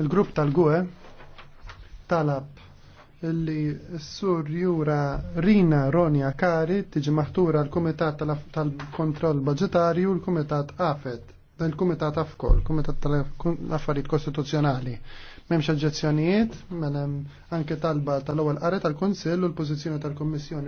Il-grupp tal-GUE talab illi s-sur jura Rina Ronja Kari tiġi maħtura l-Kumitat tal-Kontroll Budgetarju u l-Kumitat Afet, dan il-Kumitat AFKOL, Kumitat tal-Affarijiet Kostituzzjonali. Memx oġġezzjonijiet, menem mela anke talba tal-ewwel qari tal-Kunsill u l-pożizzjoni tal-Kummissjoni